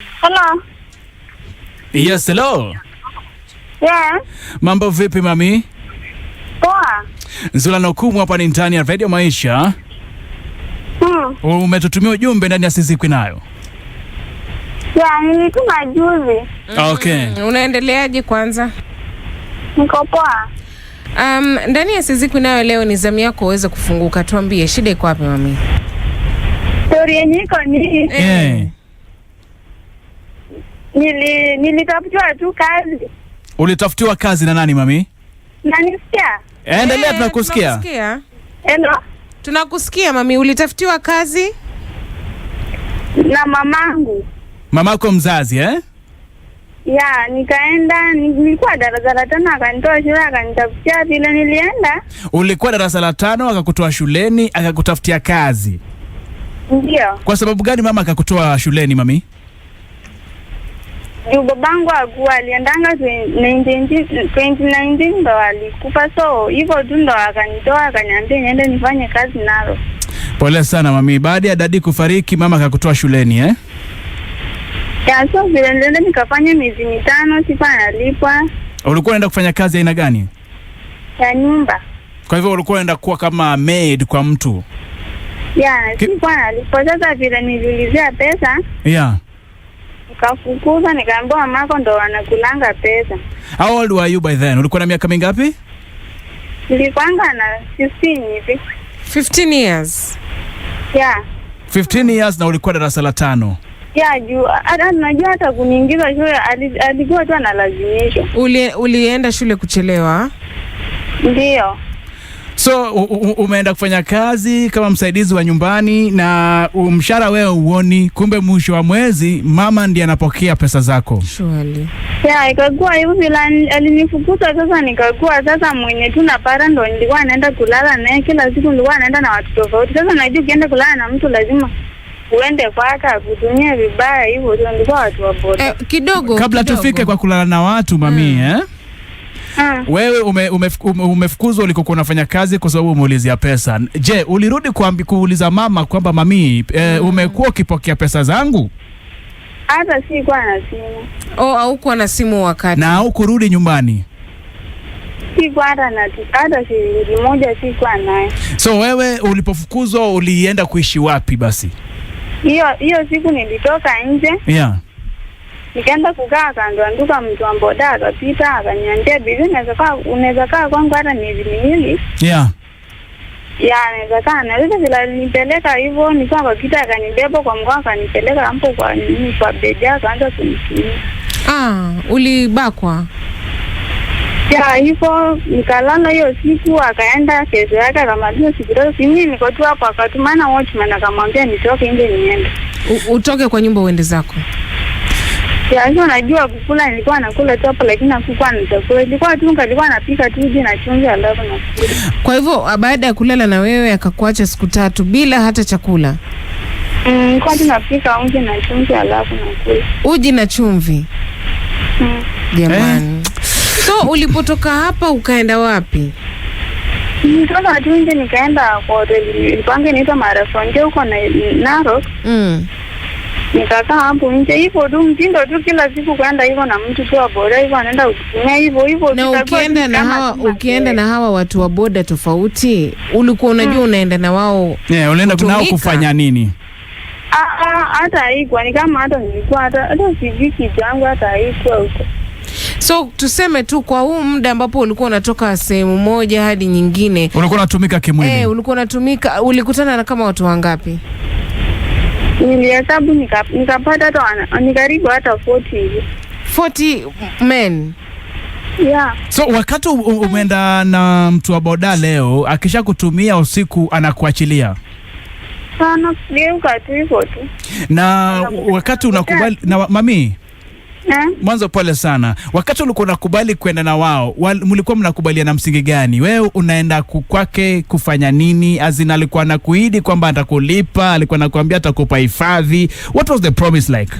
Hello. Yes, hello. Yeah. Mambo vipi mami? Poa. Nzula na ukumu hapa ni ndani ya Radio Maisha. Hmm. Umetutumia ujumbe ndani ya Sizikwi Nayo. Yeah, nilituma juzi. Mm-hmm. Okay. Mm, unaendeleaje kwanza? Niko poa. Um, ndani ya Sizikwi Nayo leo ni zamu yako uweze kufunguka. Tuambie shida iko wapi mami? Story yenyewe iko ni. Eh. Yeah. Nili- nilitafutiwa tu kazi. Ulitafutiwa kazi na nani mami? Nanisikia? Endelea, eh, tunakusikia. Tunakusikia, Hello? tunakusikia mami. Ulitafutiwa kazi Na mamangu. Mamako mzazi eh? Ya, nikaenda nilikuwa darasa la tano akanitoa shule akanitafutia vile nilienda. Ulikuwa darasa la tano akakutoa shuleni akakutafutia kazi. Ndio. Kwa sababu gani mama akakutoa shuleni mami? juu babangu akuwa aliendanga 2019 ndo alikufa, so hivyo tu ndo akanitoa akaniambia niende nifanye kazi nalo. Pole sana mami. Baada ya dadi kufariki, mama akakutoa shuleni eh? Ya, so vile nilienda nikafanya miezi mitano, sikuwa nalipwa. Ulikuwa unaenda kufanya kazi aina gani? Ya nyumba. Kwa hivyo ulikuwa unaenda kuwa kama maid kwa mtu? Ya, sikuwa nalipwa. Sasa vile niliulizia pesa ya Kafukuza, nikaambiwa mako ndo wanakulanga pesa. How old were you by then? Ulikuwa na miaka mingapi? Nilikwanga na 15 hivi. 15 years. Yeah. 15 years na ulikuwa darasa la tano. ya juu hata najua hata kuniingiza shule alikuwa tu analazimisha. ulienda shule kuchelewa? Ndio. So umeenda kufanya kazi kama msaidizi wa nyumbani na mshahara wewe uoni, kumbe mwisho wa mwezi mama ndiye anapokea pesa zako. Surely. Yeah, ikakuwa hivyo alinifukuza sasa, nikakuwa sasa mwenye tu napata, ndo nilikuwa naenda kulala naye kila siku, nilikuwa naenda na watu tofauti. Sasa najua ukienda kulala na mtu lazima uende kwake akutumie vibaya, hivyo ndio watu wa boda. Eh, kidogo kabla tufike kwa kulala na watu mami, hmm. eh Hmm. Wewe ume, ume, ume, umefukuzwa ulikokuwa unafanya kazi kwa sababu umeulizia pesa. Je, ulirudi kuambi, kuuliza mama kwamba mami, e, umekuwa ukipokea pesa zangu? Hata sikuwa na simu. Oh, haukuwa na simu wakati. Na haukurudi nyumbani? Sikuwa hata na hata shilingi moja sikuwa naye. So wewe ulipofukuzwa ulienda kuishi wapi basi? Hiyo hiyo siku nilitoka nje. Yeah. Nikaenda kukaa kando anduka mtu wa akapita akaniambia, bili unaweza kaa unaweza kaa kwangu hata miezi miwili. Yeah. Ya, naweza kaa na sasa vile alinipeleka hivyo, nilikuwa kwa kita akanibeba kwa mgongo akanipeleka hapo kwa nini kwa beja akaanza kunitumia. Ah, ulibakwa? Ya, hivyo nikalala hiyo siku, akaenda kesho yake akamaliza siku tatu, simi mimi niko tu hapo, akatumana watchman akamwambia nitoke nje niende. Utoke kwa nyumba uende zako. Yaani unajua kukula nilikuwa nakula tu hapo lakini hakukuwa na chakula. Ilikuwa tu nilikuwa napika tu hivi na chumvi alafu na. Kwa hivyo uh, baada ya kulala na wewe akakuacha siku tatu bila hata chakula. Mm, kwa tu napika uji na chumvi alafu nakula. Uji na chumvi. Mm. Jamani. Eh. So ulipotoka hapa ukaenda wapi? Nilitoka tu nje nikaenda kwa hoteli ilikuwa inaitwa Marathon huko na Narok. Mm nikakaa hapo nje hivyo tu, mtindo tu, kila siku kwenda hivyo na mtu tu wa boda hivyo anaenda kutumia hivyo hivyo. Na ukienda na hawa ukienda na hawa watu wa boda tofauti, ulikuwa unajua mm. unaenda na wao yeah, unaenda nao kufanya nini? Ah, ah, hata haikuwa ni kama hata nilikuwa hata hata sijui kijangu, hata haikuwa huko. So tuseme tu kwa huu muda ambapo ulikuwa unatoka sehemu moja hadi nyingine, ulikuwa unatumika kimwili eh, ulikuwa unatumika, ulikutana na kama watu wangapi? nilihesabu nikapata hata ni karibu hata 40 hivi 40 men Yeah. So wakati umeenda na mtu wa boda leo, akisha kutumia usiku anakuachilia? Anageuka tu hivyo tu. Na wakati unakubali na mami Eh? Mwanzo pole sana. Wakati ulikuwa unakubali kwenda na wao, mlikuwa mnakubalia na msingi gani? Wewe unaenda kwake kufanya nini? Azina alikuwa anakuahidi kwamba atakulipa, alikuwa anakuambia atakupa hifadhi. What was the promise like?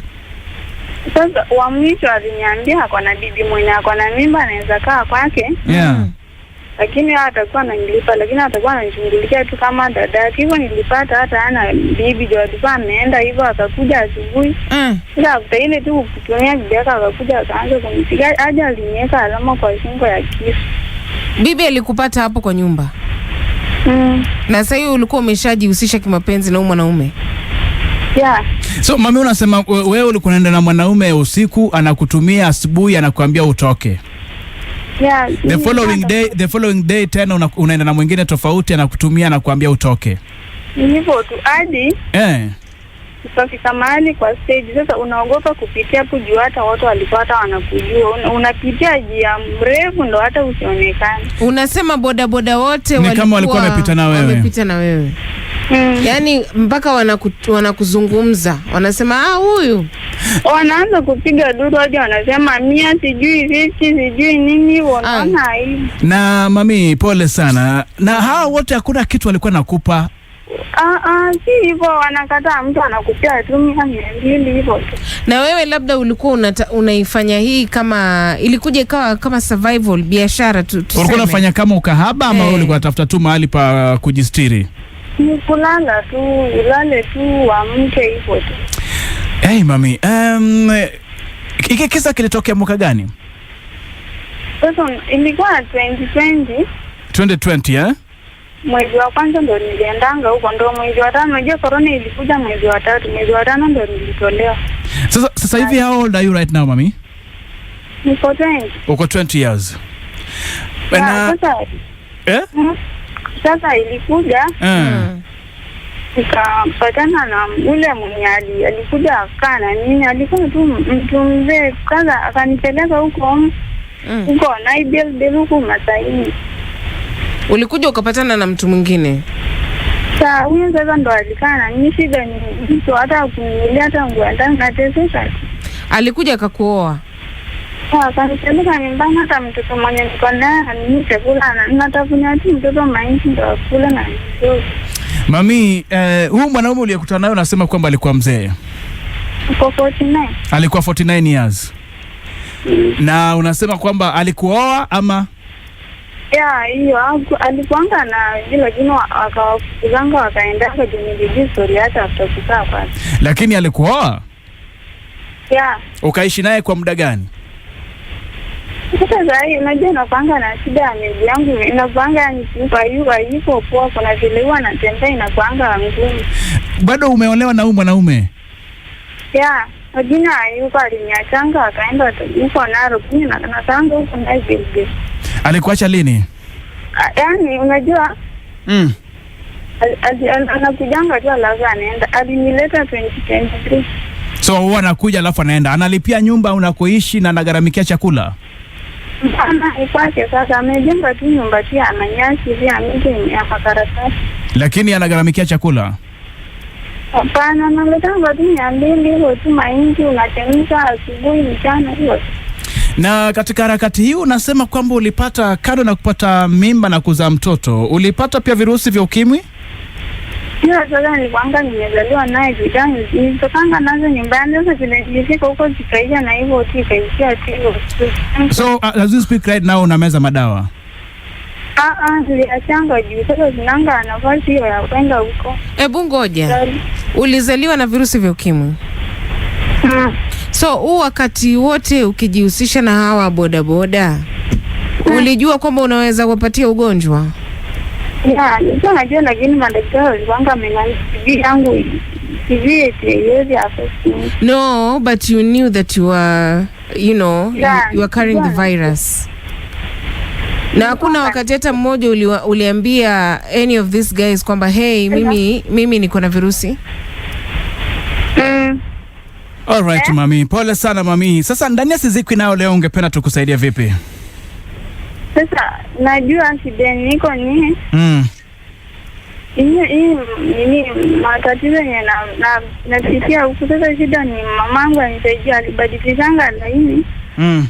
Sasa wa mwisho aliniambia ako na bibi mwenye ako na mimba anaweza kaa kwake. Yeah lakini atakuwa ananilipa, lakini atakuwa ananishughulikia tu kama dada yake hivyo. Nilipata hata ana bibi jo, alikuwa ameenda hivyo, akakuja asubuhi mm. Sasa ile tu kutumia bibi akakuja akaanza kumpiga haja, alinyeka alama kwa shingo ya kisu. Bibi alikupata hapo kwa nyumba mm. Na sasa hiyo ulikuwa umeshajihusisha kimapenzi na mwanaume yeah. So mami, unasema wewe ulikuwa unaenda na mwanaume usiku, anakutumia asubuhi, anakuambia utoke the following day, the following day tena una, unaenda na mwingine tofauti, anakutumia na kuambia utoke. hivyo tu hadi eh tukafika mahali kwa stage sasa, unaogopa kupitia hapo juu, hata watu walikuwa hata wanakujua, unapitia jia mrefu ndo hata usionekane. Unasema bodaboda wote walikuwa wamepita na wewe, wamepita na wewe mm. Yaani mpaka wanaku, wanakuzungumza wanasema ah, huyu wanaanza kupiga duru hadi wanasema mia sijui vipi sijui nini, wanaona aibu. Na mami, pole sana. Na hawa wote hakuna kitu walikuwa nakupa? Ah, ah, si hivyo, wanakataa. Mtu anakupia tu mia mbili hivyo Na wewe labda ulikuwa unata, unaifanya hii kama ilikuja ikawa kama survival biashara tu, ulikuwa unafanya kama ukahaba ama hey? Eh. Ulikuwa unatafuta tu mahali pa kujistiri? kulala tu, ulale tu, uamke hivyo tu. Hey, mami, um, iki kisa kilitokea mwaka gani? Sasa ilikuwa 2020. 2020 eh? Mwezi wa kwanza ndo niliendanga huko, ndo mwezi wa tano. Unajua ilikuja mwezi wa tatu, mwezi wa tano ndo nilitolewa. Sasa sasa hivi how old are you right now, mami? Niko 20. Uko 20 years. Na, sasa, eh? Mm -hmm sasa ilikuja mm. Nikapatana na ule mwenye ali- alikuja akaa na alikuwa tu mtu mzee, kwanza, akanipeleka huko hmm. huko Naibelbel huku Masaini. Ulikuja ukapatana na mtu mwingine? Saa huyo sasa ndo alikaa na shida ni mtu hata kunilia, hata nguo nateseka. Alikuja akakuoa? Wakanipeleka mtoto mwenye niko naye hanini chakula, mtoto maiti ndo na Mami, eh, huyu mwanaume uliyekutana naye unasema kwamba alikuwa mzee, alikuwa 49 years mm. na unasema kwamba alikuoa ama hiyo alikuanga na hata Lakini alikuoa ukaishi naye kwa muda gani? Sasa zai unajua, inakuanga na shida ya miji yangu, inakuanga yupayupa iko poa, kuna vile huwa natembea inakuanga ngumu. Bado umeolewa na huyu mwanaume? Yeah, majina ayuko aliniachanga, akaenda huko Narokini nakanga huko Nairobi. Alikuacha lini? Yaani unajua mm. Anakujanga tu alafu anaenda, alinileta 2023. So huwa anakuja alafu anaenda, analipia nyumba unakoishi na anagharamikia chakula Hapana, ni kwake sasa. Amejenga tu nyumba tu ana nyasi pia miti ya makaratasi, lakini anagharamikia chakula. Hapana, analetanga tu mia mbili hivyo tu, mahindi unachemsha asubuhi, mchana, hivyo Na katika harakati hii unasema kwamba ulipata, kando na kupata mimba na kuzaa mtoto, ulipata pia virusi vya ukimwi? hiyo zoga nilikuanga nimezaliwa naye, bidhaa nilitokanga nazo nyumbani. Sasa zinailizika huko zikaisha, na hivyo ti ikaishia tio. So uh, as you speak right now unameza madawa? Ah, ziliachanga ah, juu sasa zinanga nafasi hiyo ya kwenda huko. Hebu ngoja, ulizaliwa na virusi vya ukimwi? Mm. So huu wakati wote ukijihusisha na hawa bodaboda, mm. ulijua kwamba unaweza kupatia ugonjwa? nilikuwa najua, lakini madaktari walikuanga wameniambia CV yangu No, but you knew that you were you know yeah, you were carrying yeah, the virus na hakuna wakati hata mmoja uliwa, uliambia any of these guys kwamba hey, mimi mimi niko na virusi mm. All right, eh? Mami, pole sana mami. Sasa ndani ya Sizikwi Nayo leo ungependa tukusaidia vipi? Sasa najua shideni niko ni mm. Hii nini matatizo yenye napitia huku sasa, shida ni mamangu anisaidia, alibadilishanga laini mm.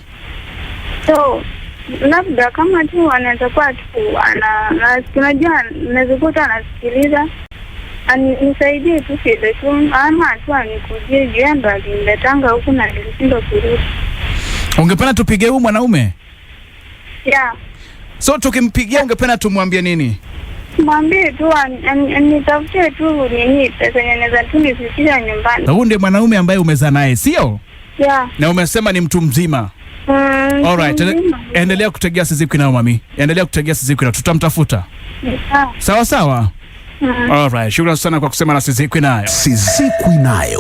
So labda kama tu anaweza kuwa tu tunajua, naweza kuta anasikiliza nisaidie tu kile tu, ama tu anikujie, juu ndo aliniletanga huku na nilishindwa kurudi. Ungependa tupige huyu mwanaume So tukimpigia ungependa tumwambie nini? Mwambie tu nitafutie tu nini pesa naweza tu nifikisha nyumbani. Huyu ndiye mwanaume ambaye umezaa naye, sio? Yeah. Na umesema ni mtu mzima. Mm, Alright. Endelea kutegea sizikwi nao mami. Endelea kutegea sizikwi nao. Tutamtafuta. Yeah. Sawa sawa. Mm. Mm-hmm. Alright. Shukrani sana kwa kusema na sizikwi nayo. Sizikwi nayo.